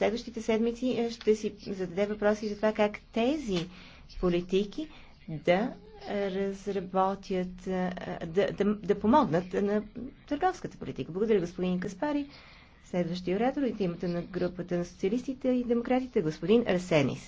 следващите седмици е, ще си зададе въпроси за това как тези политики да разработят, е, да, да, да помогнат на търговската политика. Благодаря, господин Каспари. Следващия оратор от името на групата на социалистите и демократите, господин Арсенис.